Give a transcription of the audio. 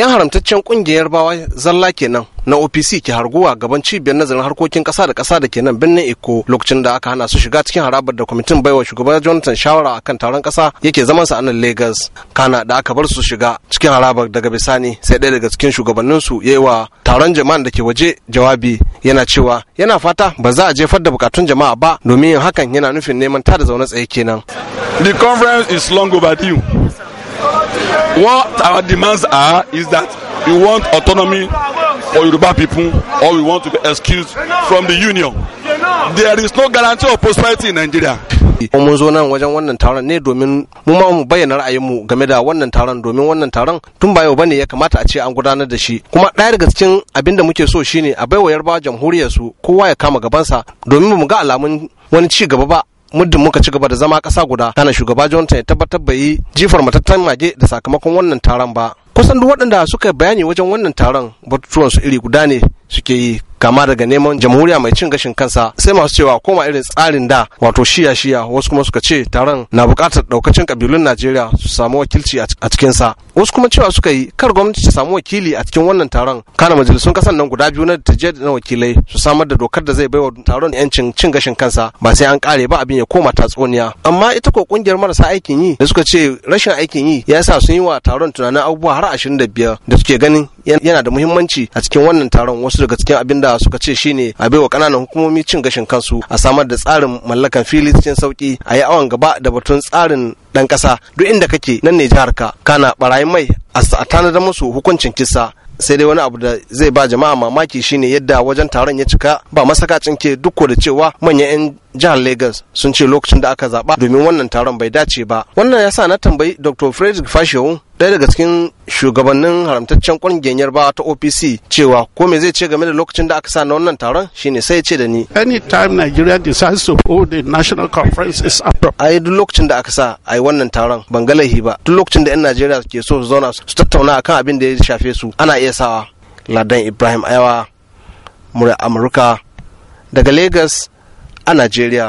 'yan haramtaccen kungiyar bawa zalla kenan na opc ke harguwa gaban cibiyar nazarin harkokin kasa da kasa da ke nan birnin eko lokacin da aka hana su shiga cikin harabar da kwamitin baiwa shugaban jonathan shawara akan taron kasa yake zaman sa a lagos kana da aka bar su shiga cikin harabar daga bisani sai ɗaya daga cikin shugabannin su yayi wa taron jama'an da ke waje jawabi yana cewa yana fata ba za a jefar da bukatun jama'a ba domin yin hakan yana nufin neman ta da zaune tsaye kenan the conference is long overdue What our demands are is that we want autonomy for Yoruba people or we want to be excused from the union. There is no guarantee of prosperity in Nigeria. mun zo nan wajen wannan taron ne domin mu ma mu bayyana ra'ayinmu game da wannan taron domin wannan taron tun ba yau bane ya kamata a ce an gudanar da shi kuma ɗaya daga cikin abin da muke so shine a baiwa yarba jamhuriyar su kowa ya kama gabansa domin mu ga alamun wani ci gaba ba muddin muka ci gaba da zama ƙasa guda kana shugaba Johnson ya tabbatar bai yi jifar matattan mage da sakamakon wannan taron ba kusan duk waɗanda suka bayani wajen wannan taron batutuwan su iri guda ne suke yi kama daga neman jamhuriya mai cin gashin kansa sai masu cewa koma irin tsarin da wato shiya shiya wasu kuma suka ce taron na bukatar daukacin kabilun najeriya su samu wakilci a cikinsa wasu kuma cewa suka yi kar gwamnati ta samu wakili a cikin wannan taron kana majalisun ƙasar nan guda biyu na da na wakilai su samar da dokar da zai baiwa taron yancin cin gashin kansa ba sai an kare ba abin ya koma tatsuniya amma ita ko kungiyar marasa aikin yi da suka ce rashin aikin yi ya sa sun yi wa taron tunanin abubuwa har ashirin da biyar da suke ganin yana da muhimmanci a cikin wannan taron wasu daga cikin abin da suka ce shine a baiwa kananan hukumomi cin gashin kansu a samar da tsarin mallakan fili cikin sauki a yi awon gaba da batun tsarin dan kasa duk inda kake nan ne jihar ka kana barayin mai a tanadar musu hukuncin kisa sai dai wani abu da zai ba jama'a mamaki shine yadda wajen taron ya cika ba masakacin ke duk da cewa manyan 'yan jihar Lagos sun ce lokacin da aka zaɓa domin wannan taron bai dace ba. Wannan ya sa na tambayi Dr. Frederick Fashewu ɗaya daga cikin shugabannin haramtaccen ƙungiyar yarbawa ta OPC cewa ko me zai ce game da lokacin da aka sa na wannan taron shine sai ya ce da ni. Anytime Nigeria decides to hold a national conference is up. yi duk lokacin da aka sa ai wannan taron ban ga ba. Duk lokacin da 'yan Najeriya ke so su zauna su tattauna akan abin da ya shafe su ana iya sawa. Ladan Ibrahim Ayawa, murya Amurka, daga Lagos, a Najeriya.